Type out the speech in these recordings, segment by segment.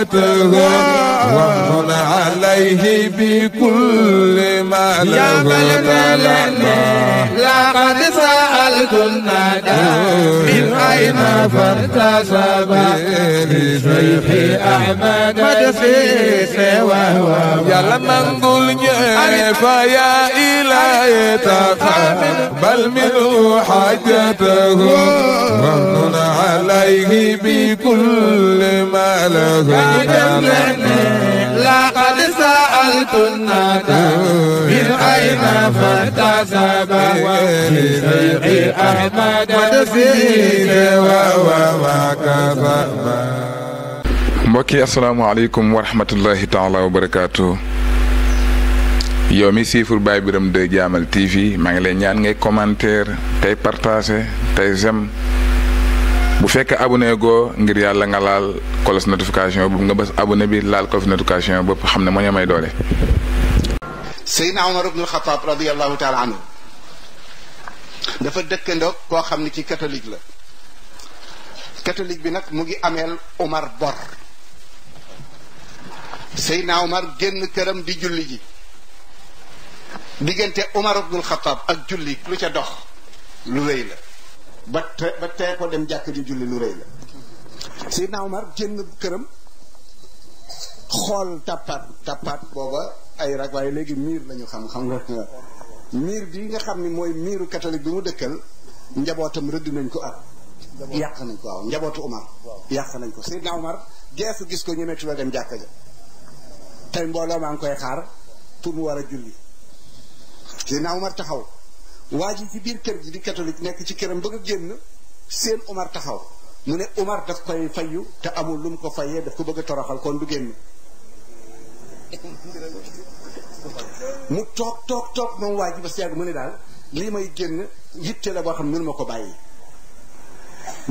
ذاتها وامن عليه بكل ما له لا قد سأل الندى من أين فارتسب لشيخ أحمد مدسيس وهو يا لمن قل فيا إلهي تقبل منه حاجته ومن عليه بكل ما له لا سألت الندى من أين فانتسب wa barakaatu yow mi siifur Baye Birame 2 Jaamal TV maa ngi lay ñaan ngay commentaire tey partagé tey j'aime bu fekk abonné goo ngir yàlla nga laal kolos notification boobu nga bës abonné bi laal kolos notification bopp xam ne moo ñu may doole. Seydina Omar ibnul Xataab radiyallahu taala anhu dafa dëkkandoo koo xam ne ci katolik la katolik bi nag mu ngi ameel Omar bor Seydina Omar génn këram di julli ji diggante Omar ibnul Xataab ak julli lu ca dox lu rëy la. ba te ba tee ko dem jàkk ji julli lu rëy la Seydina Omar génn këram xool tappaat tappaat booba ay rag waaye léegi miir lañu xam xam nga miir bi nga xam ni mooy miiru catholique bi mu dëkkal njabootam rëdd nañ ko ak yàq nañ ko waaw njabootu Omar yàq nañ ko Seydina Omar geesu gis ko ñemetu la dem jàkk ja tey mbooloo maa ngi koy xaar pour mu war a julli Seydina Omar taxaw waa ji ci biir kër gi di katolik nekk ci këram bëgg a génn seen Umar taxaw mu ne Umar daf koy yu te amul lu mu ko fayee daf ko bëgg a toroxal kon génn mu toog toog toog moom waa ji ba seeg mu ne daal lii may génn yitte la boo xam ne mënu ma ko bàyyi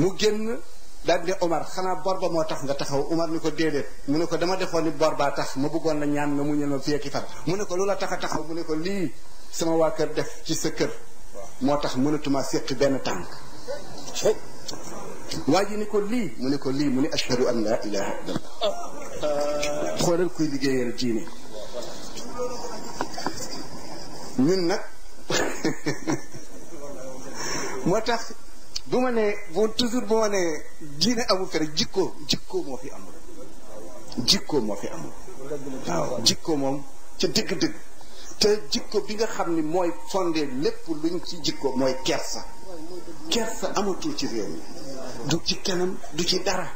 mu génn daal ne Omar xanaa bor ba moo tax nga taxaw Omar ni ko déedéet mu ne ko dama defoon ni bor baa tax ma bëggoon la ñaan nga mu ñëw ma fii ak i fan mu ne ko loola tax a taxaw mu ne ko lii sama waa kër def ci sa kër motax tax sekk ben tànk waji ni ko li muné ko li muné ashhadu an la ilaha illallah xolal kuy ligéyal diine ñun nak motax tax ne bo toujours bu ne diine amu fere jikko jikko mo fi amul jikko mo fi amul waaw jikko mom ci deug deug te jikko bi nga xamni moy fondé lépp luñ ci jikko moy kersa kersa amatul ci réew mi du ci kanam du ci dara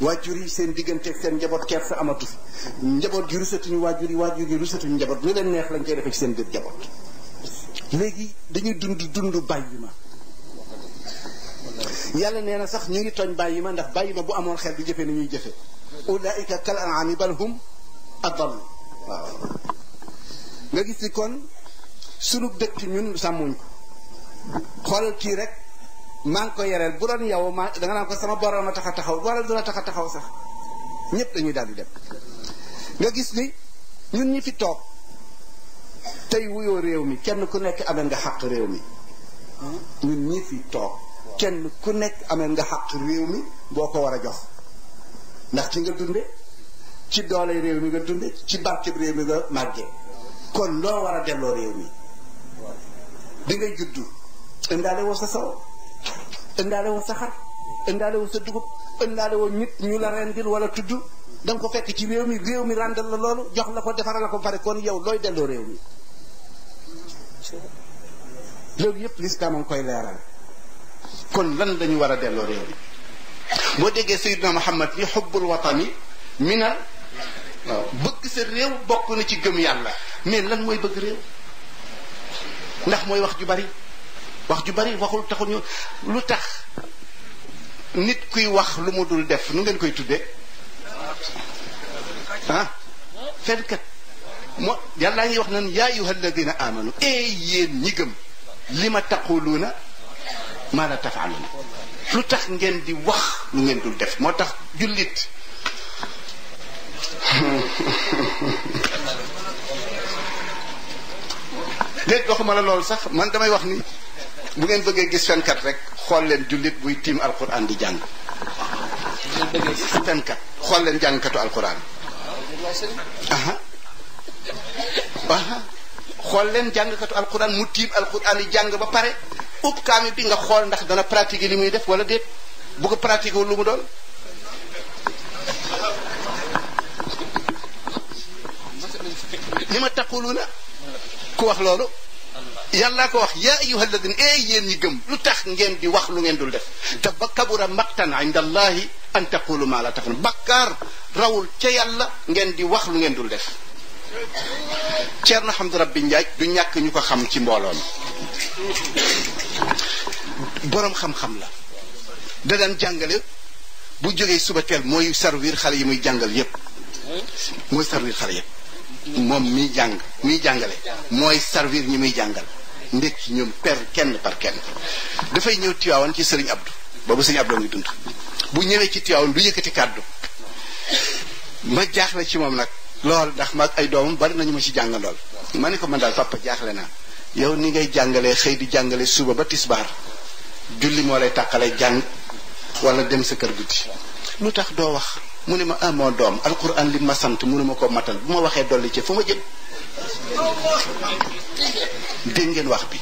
wajuri yi seen diggante seen njaboot kersa amatu njabot njaboot rusatu ñu wajuri wajuri rusatu ñu rusatuñu njaboot lu leen neex lañ koy defee ci seen biir njaboot léegi dañuy dund dund bayima yàlla neena sax ñu ngi tooñ bayima ndax bayima bu amon xel bi jëfé ni ñuy jëfé ulaika kal an'ami bal hum adall nga gis ni kon sunu dëkk ñun sàmmuñ ko xoolal kii rek maa ko yereel bu doon yow maa da naan ko sama borom a tax a taxaw borom du la a taxaw sax ñëpp dañuy daal di gis ni ñun ñi fi toog tey wuyoo réew mi kenn ku nekk amee nga xàq réew mi ñun ñi fi toog kenn ku nekk amee nga xàq réew mi boo ko war a jox ndax ci nga dunde ci doole réew mi nga dunde ci barkeb réew mi nga màggee. kon loo war a delloo réew mi bi ngay juddu indaale woo sa saw indaale woo sa xar indaale woo sa dugub indaale woo nit ñu la rendil wala tudd da ko fekk ci réew mi réew mi rendal la loolu jox la ko defara la ko pare kon yow looy delloo réew mi loolu yëpp lislaam am koy leeral kon lan lañu war a delloo réew mi boo déggee Seydina Muhammad ni xubbul watani mina bëgg sa réew bokk na ci gëm yàlla mais lan mooy bëgg réew ndax mooy wax ju bari wax ju bari waxul taxul ñu lu tax nit kuy wax lu mu dul def nu ngeen koy tuddee ah fenkat moo yàllaa ngi wax nan yaa ayyuha alladina amanu ee yéen ñi gëm li ma taquluuna maa la tafaaluuna lu tax ngeen di wax lu ngeen dul def moo tax jullit déet waxuma la loolu sax man damay wax ni bu ngeen bëggee gis fenkat rek xool leen jullit buy tiim al alquran di jàng bëggee xool leen jàngkatu alquran aha aha xool leen jàngkatu alquran mu tiim alquran yi jàng ba pare ub kaami bi nga xool ndax dana pratiquer li muy def wala déet bu ko pratiquer lu mu doon li ma taquluna ku wax loolu yàllaa ko wax yaa ayuha alladina ee eh, yéen ñi gëm lu tax ngeen di wax lu ngeen dul def te ba kabura maqtan inda allahi an taqulu ma la tafalun bakkaar rawul ca yàlla ngeen di wax lu ngeen dul def cer na xam Hamdu Rabbi Njaay du ñàkk ñu ko xam ci mbooloo boroom xam-xam la da jàngale bu jógee suba teel mooy servir xale yi muy jàngal yépp mooy servir xale yépp moom miy jàng miy jàngale mooy servir ñi muy jàngal ndékk ci ñoom per kenn par kenn dafay ñëw Tiwaawan ci sëriñ Abdou boobu sëriñ Abdou ngi dund bu ñëwee ci Tiwaawan du yëkkati kàddu ma jaaxle ci moom nag lool ndax ma ay doomam bari nañu ma ci jàngandool ma ne ko man daal papa jaaxle naa yow ni ngay jàngalee xëy di jàngale suba ba tisbaar julli moo lay tàqale jàng wala dem sa kër guddi lu tax doo wax mu ne ma ah moo doom alquran lim ma sant mënuma koo matal bu ma waxee dolli ci fu ma jëm dégg ngeen wax bi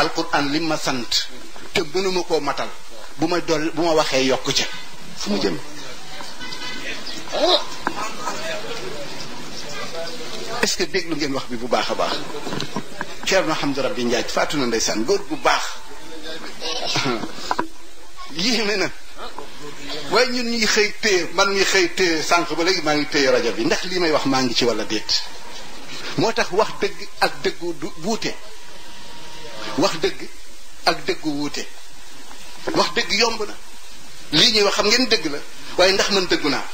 alquran li ma sant te koo matal bu ma doll bu ma waxee yokk ca fu ma jëm est-ce que déglu ngeen wax bi bu baax a baax Ceerno Hamdu Rabbi Njaay faatu na ndeysaan góor bu baax yéeme na waaye ñun ñuy xëy téye man ñuy xëy téye sànq ba léegi maa ngi téye rajo bi ndax lii may wax maa ngi ci walla déet moo tax wax dëgg ak dëggu du wuute wax dëgg ak dëggu wuute wax dëgg yomb na lii ñuy wax xam ngeen dëgg la waaye ndax man dëggu naa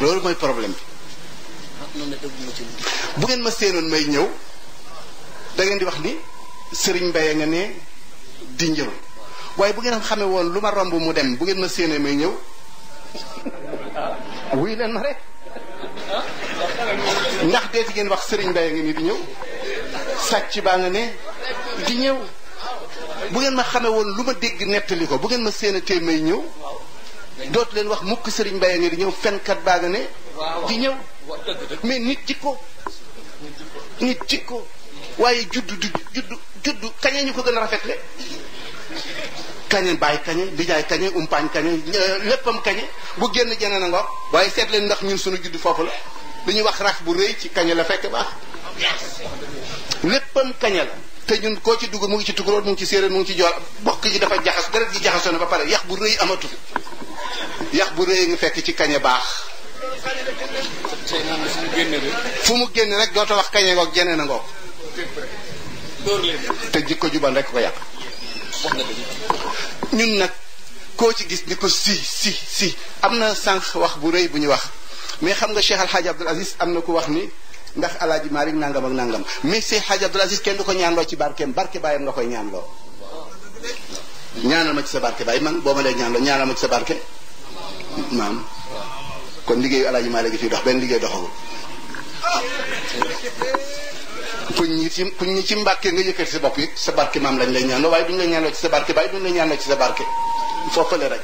loolu mooy problème bi bu ngeen ma seenoon may ñëw dangeen di wax ni sëriñ Mbaye nga ne di njëru waaye bu ngeen xamee woon lu ma romb mu dem bu ngeen ma séenee may ñëw wuy leen ma rek ndax deeti ngeen wax sëriñ Mbaye ngi ni di ñëw sàcc baa nga ne di ñëw bu ngeen ma xamee woon lu ma dégg nettali ko bu ngeen ma séenatee may ñëw dootu leen wax mukk sëriñ Mbaye ngi di ñëw fenkat baa nga ne di ñëw mais nit jikko nit jikko waaye juddu du juddu juddu kañee ñu ko gën a rafetle kañe bàyyi kañe dijaay kañe umpaañ kañe léppam kañe bu génn jeneen a ngoog waaye seet ndax ñun suñu juddu foofu la lu ñuy wax raf bu rëy ci kañe la fekk baax léppam kañe la te ñun koo ci dugg mu ngi ci tukulóor mu ngi ci séeréer mu ngi ci joor bokk ji dafa jaxas deret ji jaxasoon na ba pare yax bu rëy amatu yax bu rëy ngi fekk ci kañe baax fu mu génn rek doota wax kañe ngoog jeneen a ngoog te jikko jubal rek ko yàq ñun nag koo ci gis ni ko si si si am na sànq wax bu rëy bu ñu wax mais xam nga Cheikh Alhaji Abdoul Aziz am na ku wax ni ndax Alhaji Malick nangam ak nangam mais Cheikh Alhaji Abdoul Aziz kenn du ko ñaanloo ci barkeem barke bàyyi nga koy ñaanloo. ñaanal ma ci sa barke baay man boo ma lee ñaanloo ñaanal ma ci sa barke maam. kon liggéeyu Alhaji Malick fi dox benn liggéey doxawul. kuñ ñi ci kuñ ñi ci mbàkke nga yëkkati sa bopp it sa barke maam lañ lay ñaanoo waaye duñ la ñaanoo ci sa barke waaye duñ la ñaanoo ci sa barke foofale rek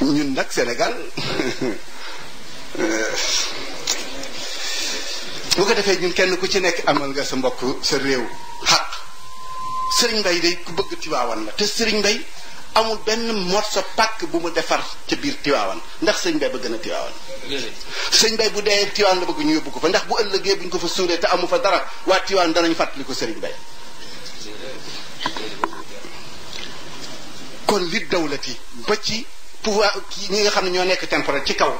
ñun nag senegal boo ko defee ñun kenn ku ci nekk amal nga sa mbokk sa réew xaq sëriñ mbay day ku bëgg Tiwaawan la te sëriñ mbay amul benn morso pàkk bu mu defar ca biir Tiwaawan ndax sëñ bay ba gën a Tiwaawan sëñ bay bu dee Tiwaawan la bëgg ñu yóbbu ko fa ndax bu ëllëgee buñ ko fa suulee te amu fa dara waa Tiwaawan danañ fàttali ko sëriñ bay kon li dawlati ba ci pouvoir ñi nga xam ne ñoo nekk temporaire ci kaw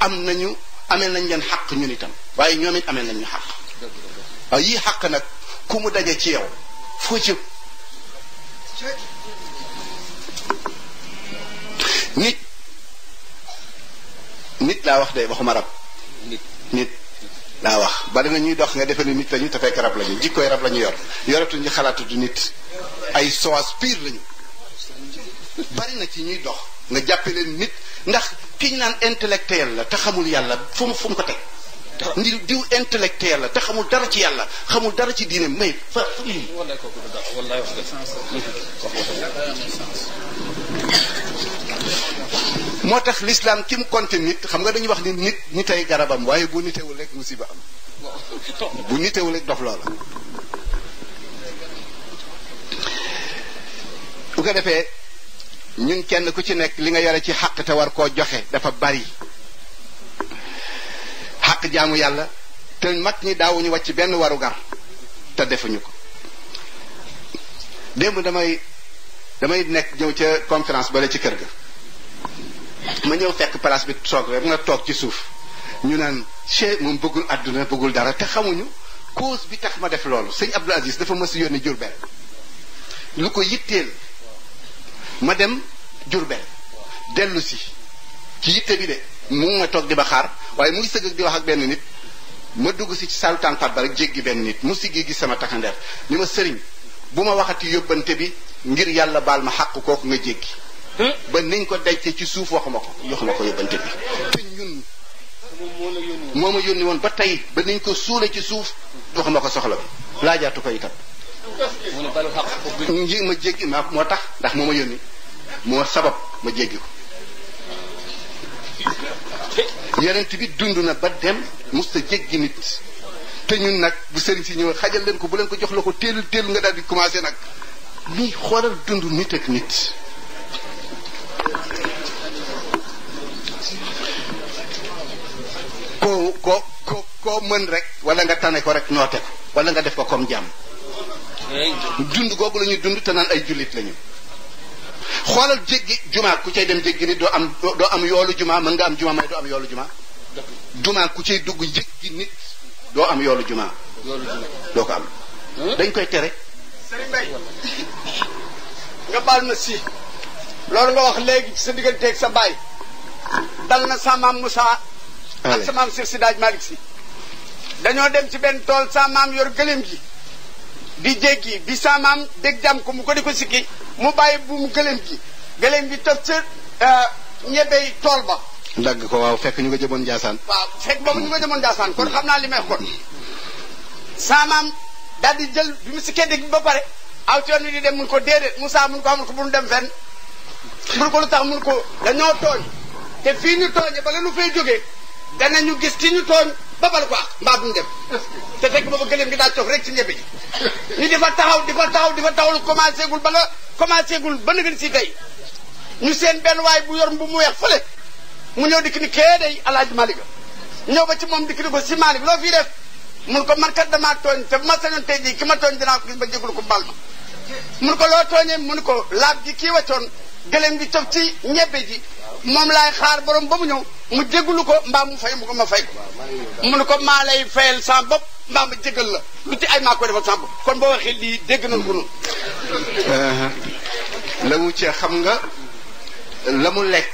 am nañu amee nañ leen xàq ñun itam waaye ñoom amee nañ ñu xàq waaw xàq nag ku mu dajee ci yow foo ci nit nit laa wax de waxuma rab nit nit laa wax bari na ñuy dox nga defe ni nit lañu te fekk rab lañu jikkooy rab lañu yor yoratuñu xalaatutu nit ay soas piir lañu bari na ci ñuy dox nga jàppe leen nit ndax ki ñu naan intellectuel la te xamul yàlla fu mu fu mu ko teg ndi diw intellectuel la te xamul dara ci yàlla xamul dara ci diine may fa moo tax l'islam kim mu compte nit xam nga dañuy wax ni nit nitay garabam waaye bu nitewul rek musiba am bu nitewul rek dof loola bu ko defee ñun kenn ku ci nekk li nga yore ci xaq te war koo joxe dafa bari xaq jaamu yàlla te mag ñi daawuñu wàcc benn warugar te defuñu ko démb damay damay nekk ñëw ca conférence bale ci kër ga ma ñëw fekk place bi toog rek nga toog ci suuf ñu naan che moom bëggul àdduna bëggul dara te xamuñu cause bi tax ma def loolu sëñ Abdou Aziz dafa mës yónni Jurbel lu ko yitteel ma dem Jurbel dellu si ci yitte bi de mu ngi ma toog di ba xaar waaye mu ngi sëgg di wax ak benn nit ma dugg si ci saalu tànpat ba rek jéggi benn nit mu siggi gis sama taxandeer ni ma sëriñ bu ma waxati yóbbante bi ngir yàlla baal ma xàq kooku nga jéggi Hmm? ba niñ ko denc ci suuf wax ma ko jox ma ko yóbbante bi te ñun moo ma yónni woon ba tey ba niñ ko suule ci suuf wax ma ko soxla bi laajaatu ko itam nji ma jéggi maa moo tax ndax moo ma yónni moo sabab ma jéggi ko yonent bi dund na ba dem musta jéggi nit te ñun nag bu sëriñ si ñëw xajal leen ko bu leen ko jox la ko teelul teelul nga daal di commencé nag lii xoolal dund nit ak nit koo ko koo mën rek wala nga tane ko rek noote ko wala nga def ko comme jàmm dund googu la ñuy dund te naan ay jullit lañu xoolal jéggi jumaa ku cay dem jéggi ni doo am yoolu jumaa mën nga am jumaa may doo am yoolu jumaa jumaa ku cay dugg jéggi nit doo am yoolu jumaa doo ko am dañ koy tere nga baal na si loolu nga wax léegi ci sa digganteeg sa baay dal na sa maam Moussa ak sa maam Seex Si Daaj Malick Si dañoo dem ci benn tool sa yor gëléem gi di jéggi bi sa maam dégg jam ko mu ko di ko sikki mu bàyyi bu mu gëléem gi gëléem gi tëf ca euh, ñebey tool ba dagg ko waaw fekk ñu nga jëmoon Njaasaan waaw fekk boobu ñu nga jëmoon Njaasaan kon mm. xam naa li may kon sa maam daal di jël bi mu sikkee dégg bi ba pare aw ci yoon di dem mun ko déedéet Moussa mun ko xamul ko bu nu dem fenn mun ko lu tax mun ko dañoo tooñ te fii ñu tooñe bala nu fay jógee danañu gis ki ñu tooñ ba bal ko ak mbaa duñ dem te fekk booba gëléem gi daa cof rek ci ñebe ji ñu fa taxaw difa taxaw difa taxaw lu commencé gul ba nga commencé gul ba nga si tey ñu seen benn waay bu yor bu mu weex fële mu ñëw dikk ni kee day alaaji Malick ñëw ba ci moom dikk ni ko si Malick loo fii def mun ko man kat tooñ te bu ma sañoon tey jii ki ma tooñ dinaa ko gis ba jégul ko mbal ma mun ko loo tooñee mun ko laab gi kii waccoon gëlëm bi toog ci ñebe ji moom laay xaar borom ba mu ñëw mu jégalu ko mbaam mu fay mu ko ma fay ko mu ne ko maa lay fayal sa bopp mbaa ma jégal la lu ci ay maa koy defal sa bopp kon boo waxee lii dégg nañ ko noonu. Uh-huh. la mu ci xam nga la mu lekk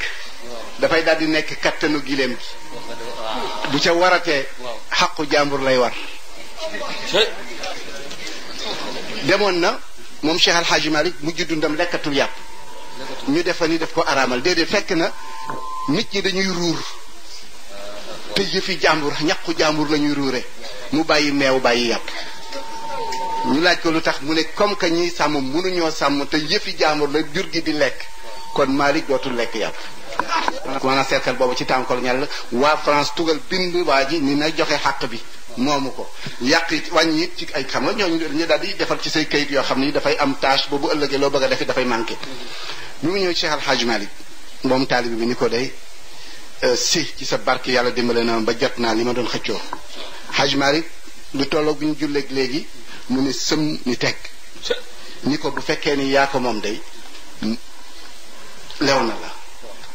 dafay daal di nekk kattanu gileem gi bu ca waratee xaqu jàmbur lay war demoon na moom Cheikh Al Hadj Malick mujj dundam lekkatul yàpp ñu defa ni def ko araamal déedéet fekk na nit ñi dañuy ruur te yëfi jàmbur ñaqu jàmbur lañuy ruure mu bàyyi meew bàyyi yàpp ñu laaj ko lu tax mu ne comme que ñiy sàmm mënuñoo sàmm te yëfi jàmbur la jur gi di lekk kon Malick dootul lekk yàpp maanaam cercle boobu ci tànkol ñal waa France tugal bind waa ji ni na joxe xàq bi moomu ko yàq wàññi ci ay xam nga ñoo ñu daal di defal ci say kayit yoo xam ni dafay am tâche boobu ëllëgee loo bëgg a defi dafay manqué bi mu ñëw ci Cheikh Al Hadj Malick moom taalibi bi ni ko day si ci sa barke yàlla dimbale na ba jot naa li ma doon xëccoo Hadj Malick lu tolloo bu ñu julleeg léegi mu ni sëm ni teg ni ko bu fekkee ni yaa ko moom day lew na la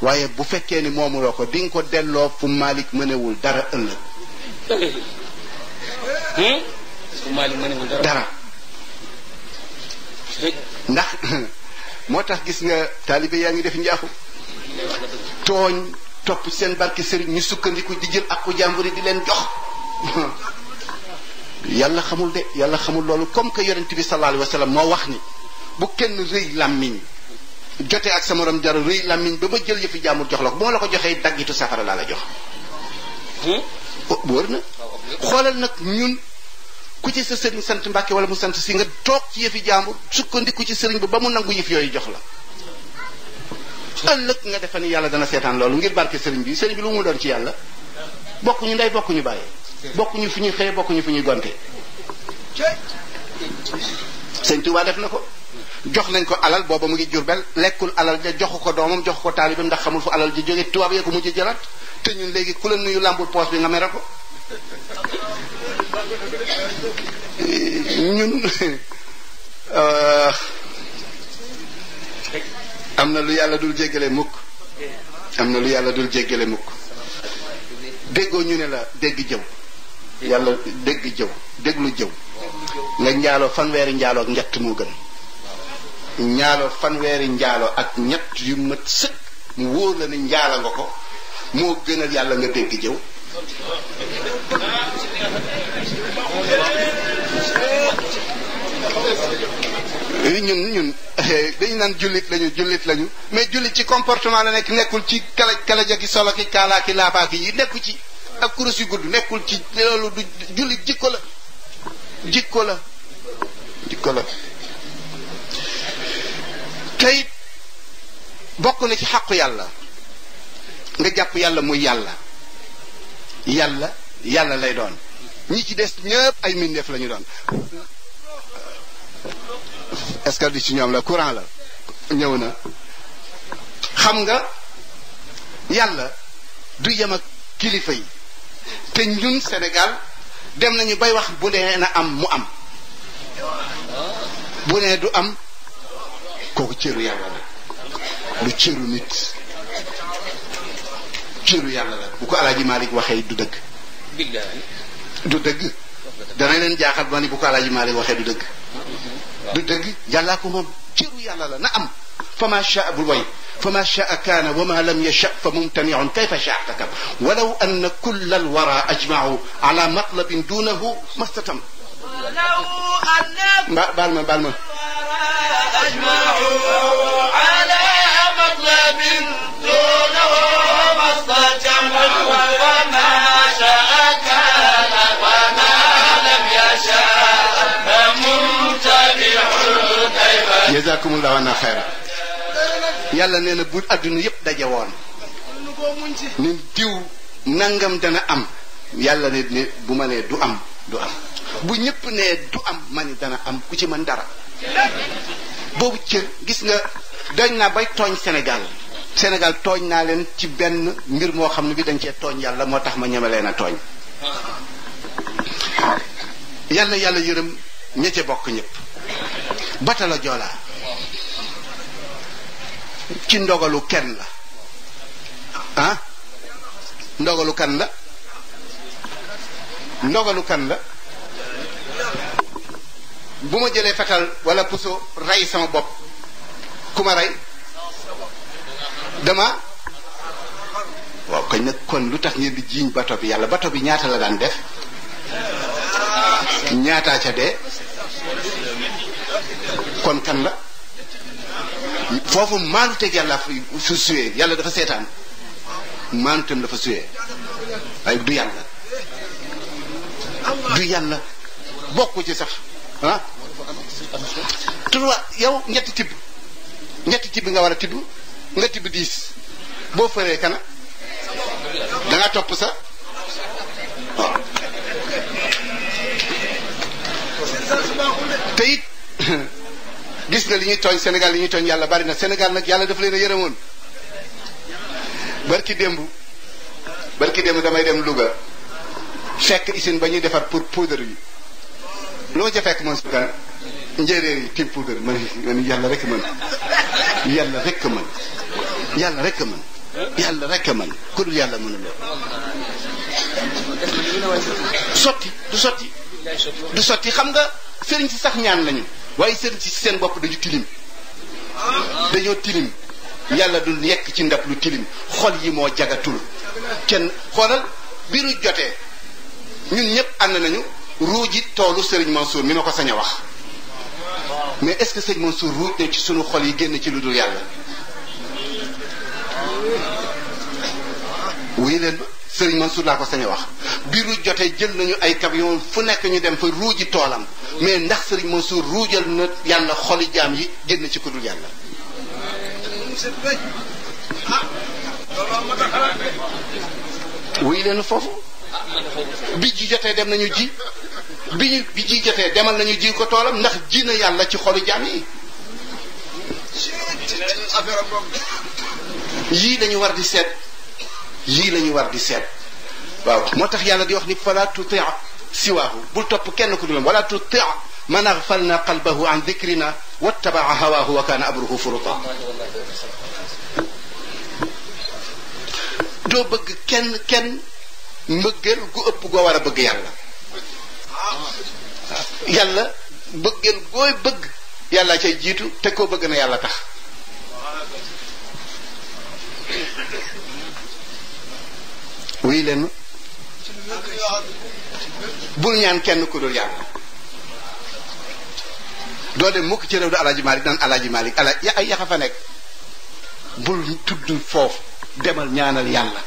waaye bu fekkee ni moomuloo ko di nga ko delloo fu Malick mënewul dara ëllëg Hmm? dara ndax moo tax gis nga taalibe yaa ngi def njaaxu tooñ topp seen barke sëriñ ñu sukkandiku di jël ak ku jàmbur yi di leen jox yàlla xamul de yàlla xamul loolu comme que yonent bi sallallahu alayhi wa moo wax ni bu kenn rëy làmmiñ jote ak sa morom jar rëy làmmiñ ba ma jël yëfi jàmbur jox la ko bu ma la ko joxee daggitu safara laa la jox hmm? oh, wóor na xoolal nag ñun ku ci sa sëriñ sant Mbàkke wala mu sant si nga toog ci yëfi jàmbur sukkandiku ci sëriñ bi ba mu nangu yëf yooyu jox la ëllëg nga defe ni yàlla dana seetaan loolu ngir barke sëriñ bi sëriñ bi lu mu doon ci yàlla bokkuñu ndey bokkuñu bàyyi bokkuñu fu ñuy xëyee bokkuñu fi ñuy gonte sëñ Tuubaa def na ko jox nañ ko alal booba mu ngi jurbel lekkul alal ja joxu ko doomam joxu ko taalibam ndax xamul fu alal ji jóge tubaab yee ko mujj jëlaat te ñun léegi ku la nuyu làmbul poos bi nga mere ko ñun euh, am na lu yàlla dul jéggale mukk am na lu yàlla dul jéggale mukk déggoo ñu ne la dégg jëw yàlla dégg jëw déglu jëw nga njaalo fanweeri njaalo ak ñett moo gën njaalo fanweeri njaalo ak ñett yu mat sëkk mu wóor la ne njaala nga ko moo gënal yàlla nga dégg jëw ñun ñun eh, dañu naan jullit lañu jullit lañu mais jullit ci comportement la nekk nekkul ci kala kala ja ki solo ki kaalaa ki yi nekku ci ak kurus yu gudd nekkul ci loolu du jullit jikko la jikko la jikko tey bokk na ci xàqu yàlla nga jàpp yàlla muy yàlla yàlla yàlla lay doon ñi ci des ñëpp ay mbindeef la ñu doon est-ce que du ci ñoom la courant la ñëw na xam nga yàlla du yem ak kilifa yi te ñun senegal dem nañu bay wax bu nee na am mu am bu nee du am kooku cëru yàlla la du cëru nit cëru yàlla la bu ko alaaji Malik waxee du dëkk du dëgg dana leen jaaxal ba ni bu ko alaaji maalik waxee du dëgg du dëgg yàllaa ko moom cëru yàlla la na am فما شاء كان وما لم يشاء فممتنع كيف شاء احتكم ولو أن كل الورى أجمعوا على مطلب دونه ما استتم ولو أن كل الورى أجمعوا على مطلب jazakumullahu anna xayra yàlla nee na bu àdduna yëpp daje woon ni diw nangam dana am yàlla ne ne bu ma nee du am du am bu ñëpp nee du am ma ni dana am ku ci mën dara boobu cër gis nga dañ naa bay tooñ senegal senegal tooñ naa leen ci benn ngir moo xam ne bi dañ cee tooñ yàlla moo tax ma ñeme leen a tooñ yàlla yàlla yërëm ña bokk ñëpp bata joolaa ci ndogalu kenn la ah ndogalu kan la ndogalu kan la bu ma jëlee fetal wala puso rey sama bopp ku ma rey dama waaw kañ nag kon lu tax ngeen di jiiñ bato bi yàlla bato bi ñaata la daan def ñaata ca dee kon kan la foofu maanduteeg yàlla fa su suwee yàlla dafa seetaan maanduteem dafa suwee waaye du yàlla du yàlla bokku ci sax ah? trois yow ñetti tibb ñetti tibb nga war a tibb nga tibb diis boo fëree kana danga topp sa waaw gis na li ñuy tooñ senegal li ñu tooñ yàlla bari na Sénégal nag yàlla dafa leen a yërëmoon barki démb barki démb damay dem Louga fekk usine ba ñuy defar pour poudre yi lu ma ca fekk man sukan njéeréer yi yàlla rek man yàlla rek man rek man rek man ku yàlla mënuloo sotti du sotti du sotti xam nga sëriñ si sax ñaan lañu waaye seen ci seen bopp dañu tilim dañoo tilim yàlla du yekk ci ndab lu tilim xol yi moo jagatul kenn xoolal biru jotee ñun ñëpp ànd nañu ruuj ji toolu Serigne Mansour mi ma ko sañ a wax mais est-ce que Serigne Mansour ruuj ne ci sunu xol yi génn ci lu dul yàlla wuyu leen ba Serigne Mansour laa ko sañ a wax biru joté jël nañu ay camion fu nek ñu dem fa ruuji tolam mais ndax serigne Mansour ruujal na yàlla xoli jam yi génn ci kudul yàlla wuy leen fofu bi ji joté dem nañu ji bi ñu bi ji joté demal nañu ji ko tolam ndax ji na yàlla ci xoli jam yi yi dañu war di set yi lañu war di set waaw moo tax yàlla di wax ni fala tuti siwaahu bul topp kenn ku dul wala tuti man aghfalna qalbahu an dhikrina wattabaa hawaahu wa kana abruhu furuta doo bëgg kenn kenn mbëggeel gu ëpp goo war a bëgg yàlla yàlla bëggeel gooy bëgg yàlla cay jiitu te koo bëgg na yàlla tax wuy leen bul ñaan kenn ku dul yàlla doo dem mukk ci réew du alaaji malik naan alaaji malik ala ay yaxa fa nekk bul tudd foofu demal ñaanal yàlla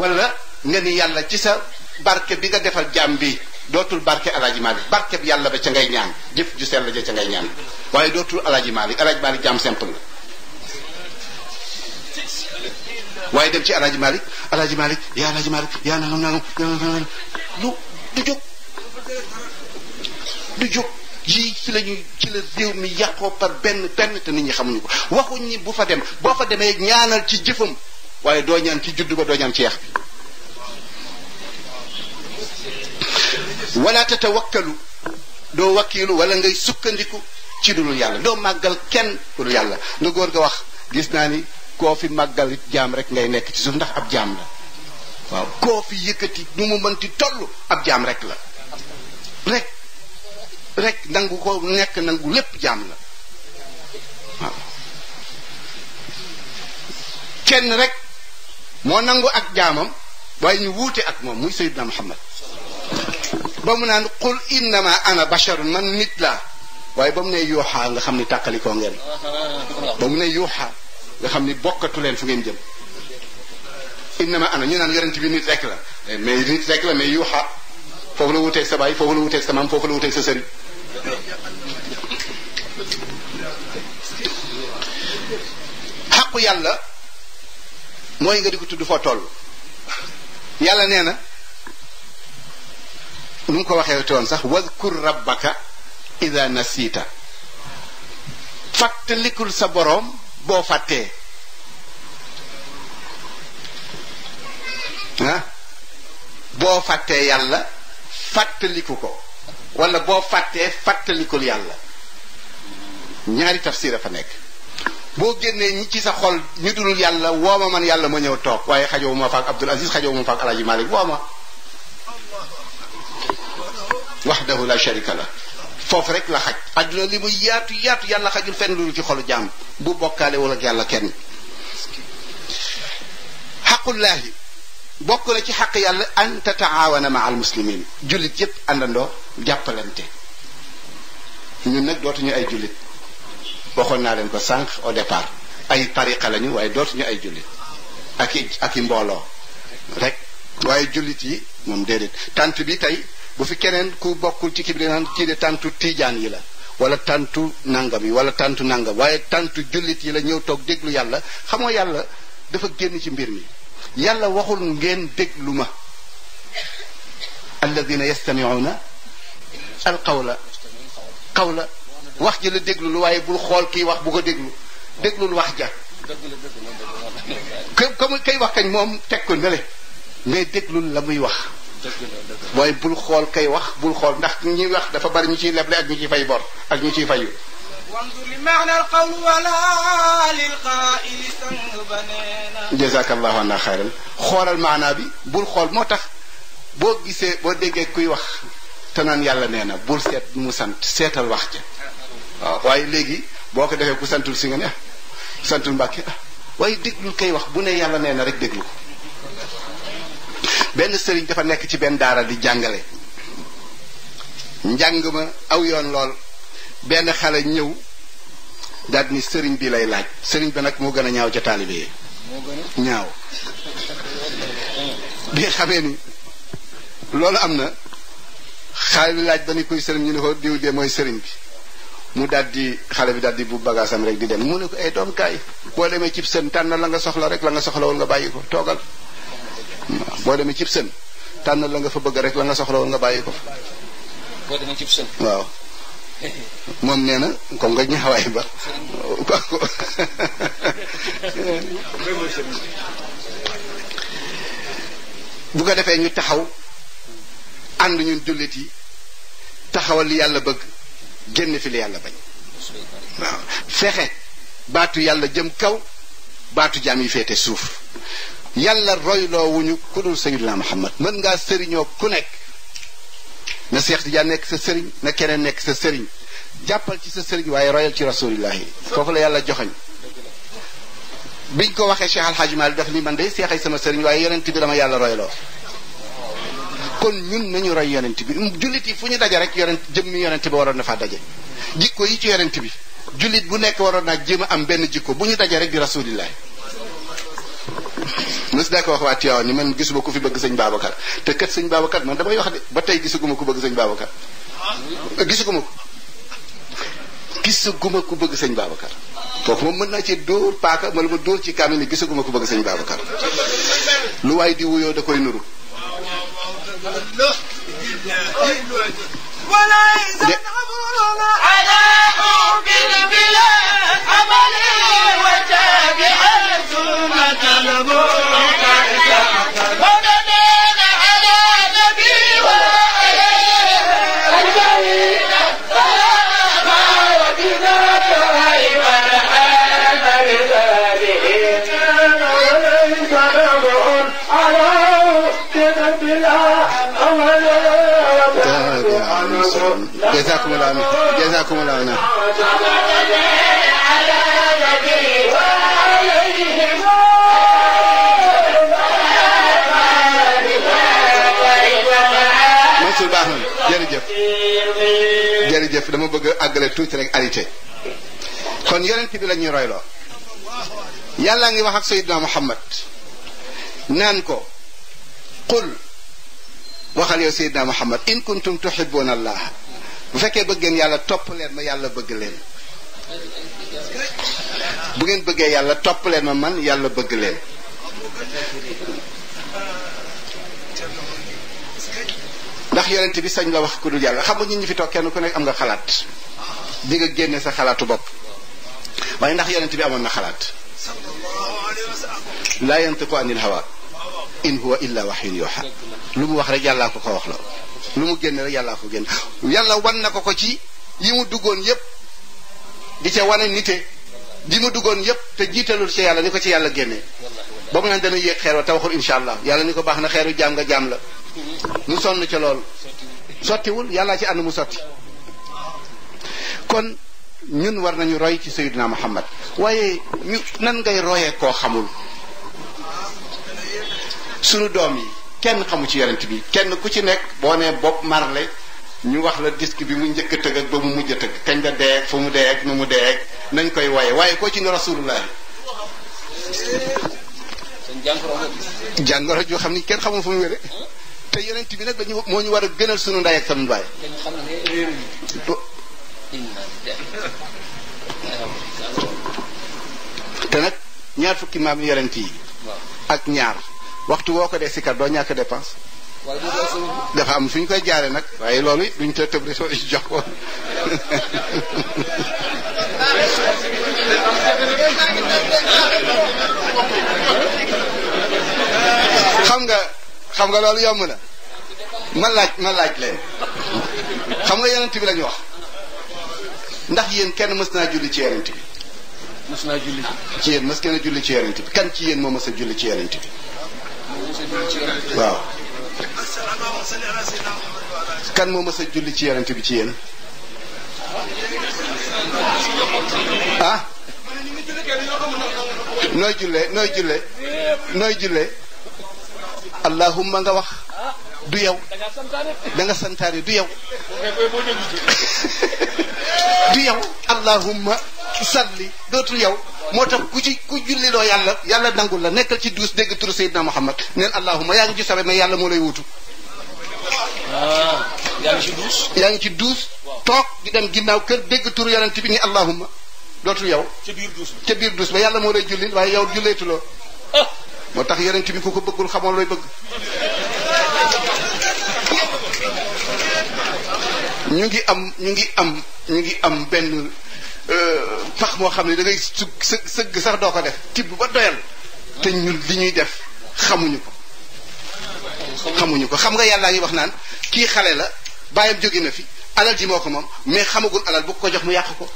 wala nga ni yàlla ci sa barke bi nga defal jàmm bi dootul barke alaaji malik barke bi yàlla ba ca ngay ñaan jëf ju sell ja ca ngay ñaan waaye dootul alaaji malik alaaji malik jàmm simple la waaye ci alaaji malik alaaji malik yaa alaaji malik yaa nangam lu du jóg du jóg yii ci lañu ci la réew mi yàqoo par benn benn te nit ñi xamuñu ko waxuñ ni bu fa dem boo fa demee ñaanal ci jëfam waaye doo ñaan ci juddu ba doo ñaan ci yax bi wala tatawakkalu doo wakkiilu wala ngay sukkandiku ci dul yàlla doo màggal kenn dul yàlla nga góor ga wax gis naa ni koo fi màggal it jaam rek ngay nekk ci suuf ndax ab jaam la waaw koo fi yëkkati nu mu mënti toll ab jaam rek la rek rek nangu ko nekk nangu lépp jaam la waaw kenn rek moo nangu ak jaamam waaye ñu wuute ak moom muy Seydina Muhammad ba mu naan qul innama ana basharun man nit laa waaye ba mu ne yuuxaa nga xam ni tàqalikoo ngeen ba mu ne yuuxaa nga xam ni bokkatu leen fu ngeen jëm انما انا ني نان يونت بي نيت ريك لا مي نيت ريك لا مي يوحا فوف لا ووتيك سباي فوف لا ووتيك سمام فوف لا ووتيك سسري حق يالا موي غادي كو تود فو تول يالا نينا نم كو واخيو تون صاح واذكر ربك اذا نسيت فاتلكل سبروم بو فاتيه ah boo fàttee yàlla fàttaliku ko wala boo fàttee fàttalikul yàlla ñaari tafsir a fa nekk boo génnee ñi ci sa xol ñu dulul yàlla wooma man yàlla ma ñëw toog waaye xajowu ma faak Abdul Aziz xajowu ma faak Alaaji Malik wooma wahdahu la sharika la foofu rek la xaj àdduna li mu yaatu yaatu yàlla xajul fenn lu ci xolu jaam bu bokkaale wala ak yàlla kenn xaqullaahi bokk na ci xaq yàlla an tataawana ma al muslimin jullit yépp àndandoo jàppalante ñun nag dootuñu ay jullit waxoon naa leen ko sànq au départ ay tariqa lañu waaye dootuñu ay jullit ak i ak i mbooloo rek waaye jullit yi moom déedéet tànt bi tey bu fi keneen ku bokkul ci kii bi naan kii de tiijaan yi la wala tàntu nangam yi wala tantu nangam waaye tàntu jullit yi la ñëw toog déglu yàlla xamoo yàlla dafa génn ci mbir mi يلا وخل جن تكلمة الذين يستمعون القول قول وخ جل تكلم لو أي بول خال كي وخ بقول تكلم تكلم وخ كم كم كي وخ كان مم تكلم نلي مي تكلم لما يوخ واي بول خال كي وخ بول خال نخ نيوخ دفع بار ميشي لبلا فايبر أجمي فايو وانظر لمعنى القول ولا للقائل سنبنينا جزاك الله عنا خيرا خور المعنى بي بول خور موتخ بو غيسه بو ديغي كوي واخ تنان يالا نينا بول سيت مو سانت سيتال واخ جي واي ليغي بوكو ديفه كو سانتول سيغا نيا سانتول مباكي واي ديغلو كاي واخ بو ني يالا نينا رك ديغلو بن سيرين دافا نيك سي بن دارا دي جانغالي njang ma aw yoon lool benn xale daal ni sëriñ bi lay laaj sëriñ ba nag moo gën a ñaaw ca taalibe yi ñaaw bi nga xamee ni loolu am na xale bi laaj ba ni kuy sëriñ ñu ne ko diw de mooy sëriñ bi mu daal di xale bi daal di bu bagaasam rek di dem mu ne ko ay eh, doom boo demee cib sën tànn la nga soxla rek la nga soxla woon nga bàyyi ko toogal boo demee cib sën tànn la nga fa bëgg rek la nga soxla woon nga bàyyi ko boo demee cib sën waaw. moom nee na comme nga ñaawaay ba bu ko defee ñu taxaw ànd ñun jullit yi taxawal yàlla bëgg génn fi li yàlla bañ waaw fexe baatu yàlla jëm kaw baatu jaam yi féete suuf yàlla royloo wuñu ku dul sayyidina Muhammad mën ngaa sëriñoo ku nekk na seex tijaan nek sa serigne na keneen nek sa serigne jàppal ci sa serigne waye royal ci rasulillah fofu la yàlla joxagn biñ ko waxe Cheikh Al hajmal def daf ni man day seexay sama serigne waye yonent bi dama yàlla royloo kon ñun nañu roy yonent bi jullit yi fu ñu daje rek yonent jëmmi yonent bi waroon na faa daje jikko yi ci yonent bi julit bu nek waroon naa jéem am ben jikko bu ñu daje rek di rasulillah mais da ko wax wat Tiwaawan ni man gisuma ku fi bëgg sëñ Babacar te kat sëñ Babacar man dama wax de ba tey gisuguma ku bëgg sëñ Babacar gisuguma ko gisuguma ku bëgg sëñ Babacar kooku mom mën naa ci door paaka mala ma door ci kamini gisuguma ku bëgg sëñ Babacar lu way di wuyoo da koy nuru de جزاكم الله خير جزاكم الله خير Mansour baax na jërëjëf jërëjëf dama bëgg a àggale tuuti rek arrêté kon yonent bi la ñuy royloo yàlla ngi wax ak Seydina Muhammad naan ko qul waxal yow Seydina Muhammad in kuntum tuhibbuna allah bu fekkee bëgg ngeen yàlla topp leen ma yàlla bëgg leen bu ngeen bëggee yàlla topp leen ma man yàlla bëgg leen ndax yonent bi sañ la wax ku dul yàlla xam nga ñun ñi fi toog kenn ku nekk am nga xalaat di nga génne sa xalaatu bopp waaye ndax yonent bi amoon na xalaat laa yantiqu anil hawa in huwa illa waxyun yuuxa lu mu wax rek yàllaa ko ko wax la lu mu génn rek yàllaa ko génn yàlla wan na ko ko ci yi mu duggoon yépp di ca wane nite di mu duggoon yépp te jiitalul ci yàlla ni ko ci yàlla génne ba mu naan dana yéeg xeer wa te waxul insha allah yàlla ni ko baax na xeeru jaam nga jaam la mu sonn ca loolu sottiwul yàllaa ci ànd mu sotti kon ñun war nañu roy ci sayyidina muhammad waaye ñu nan ngay royee koo xamul sunu doom yi kenn xamu ci yonent bi kenn ku ci nekk boo nee Bob Marley ñu wax la disque bi mu njëkk a tëgg ak ba mu mujj a tëgg kañ la dee ak fu mu dee ak nu mu dee nañ koy waaye waaye koo ci ne rasulullah jàngoro joo xam ni kenn xamul fu mu wéree bi nag dañu moo ñu war a gënal sunu ndaay ak sunu baay te nag ñaar fukki maam yonent yi ak ñaar waxtu woo ko dee sikar doo ñàkk dépense dafa am fu ñu koy jaare nag waaye loolu it duñ te tëb rek jox ko xam nga xam nga loolu yomb na ma laaj ma laaj leen xam nga yonent bi lañu wax ndax yéen kenn mës naa julli ci yonent bi naa julli ci yéen mës kenn julli ci yonent bi kan ci yen moo mës a julli ci yonent bi waaw kan moo mës julli ci yonent bi ci yéen ah nooy jullee nooy jullee nooy jullee allahumma nga wax du yow da nga santaane du yow du yow allahumma tusalli dootul yow moo tax ku ci ku julliloo yàlla yàlla nangul la nekkal ci duus dégg turu Seydina Muhammad neen allahuma yaa ngi ci sabe mais yàlla moo lay wuutu ah, yaa ngi ci duus yaa ngi ci duus toog di dem ginnaaw kër dégg turu yonent bi ni allahuma dootul yow ca biir duus ca biir duus ba yàlla moo lay julli waaye yow julleetuloo ah. moo tax yonent bi ku ko bëggul xamoo looy bëgg ñu ngi am ñu ngi am ñu ngi am benn pax moo xam ne da ngay su sëgg sax doo ko def tibb ba doyal te ñun li ñuy def xamuñu ko xamuñu ko xam nga yàlla ngi wax naan kii xale la bàyyam jóge na fi alal ji moo ko moom mais xamagul alal bu ko jox mu yàq ko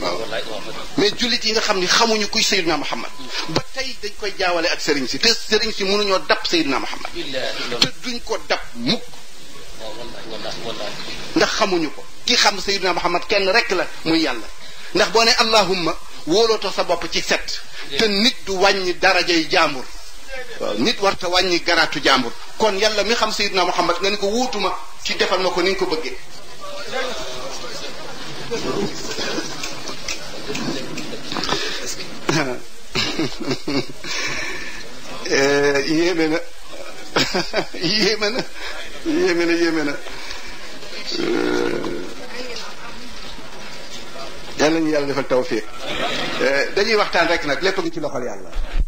waaw mais jullit yi nga xam ni xamuñu kuy Seydina Muhammad ba tey dañ koy jaawale ak sëriñ si te sëriñ si mënuñoo dab Seydina Muhammad te duñ ko dab mukk ndax xamuñu ko ki xam sayyidina muhammad kenn rek la muy yàlla ndax bo ne allahumma wóolootoo sa bop ci set te nit du wàññi daraje jambur waaw nit warta wàññi garatu jambur kon yàlla mi xam sayyidina muhammad nga ni ko wutuma ci defal mako ni ko beugé yéeme na yéeme na yàlla ñu yàlla defal tawfiq eh, dañuy waxtaan rek nag lépp ngi ci loxol yàlla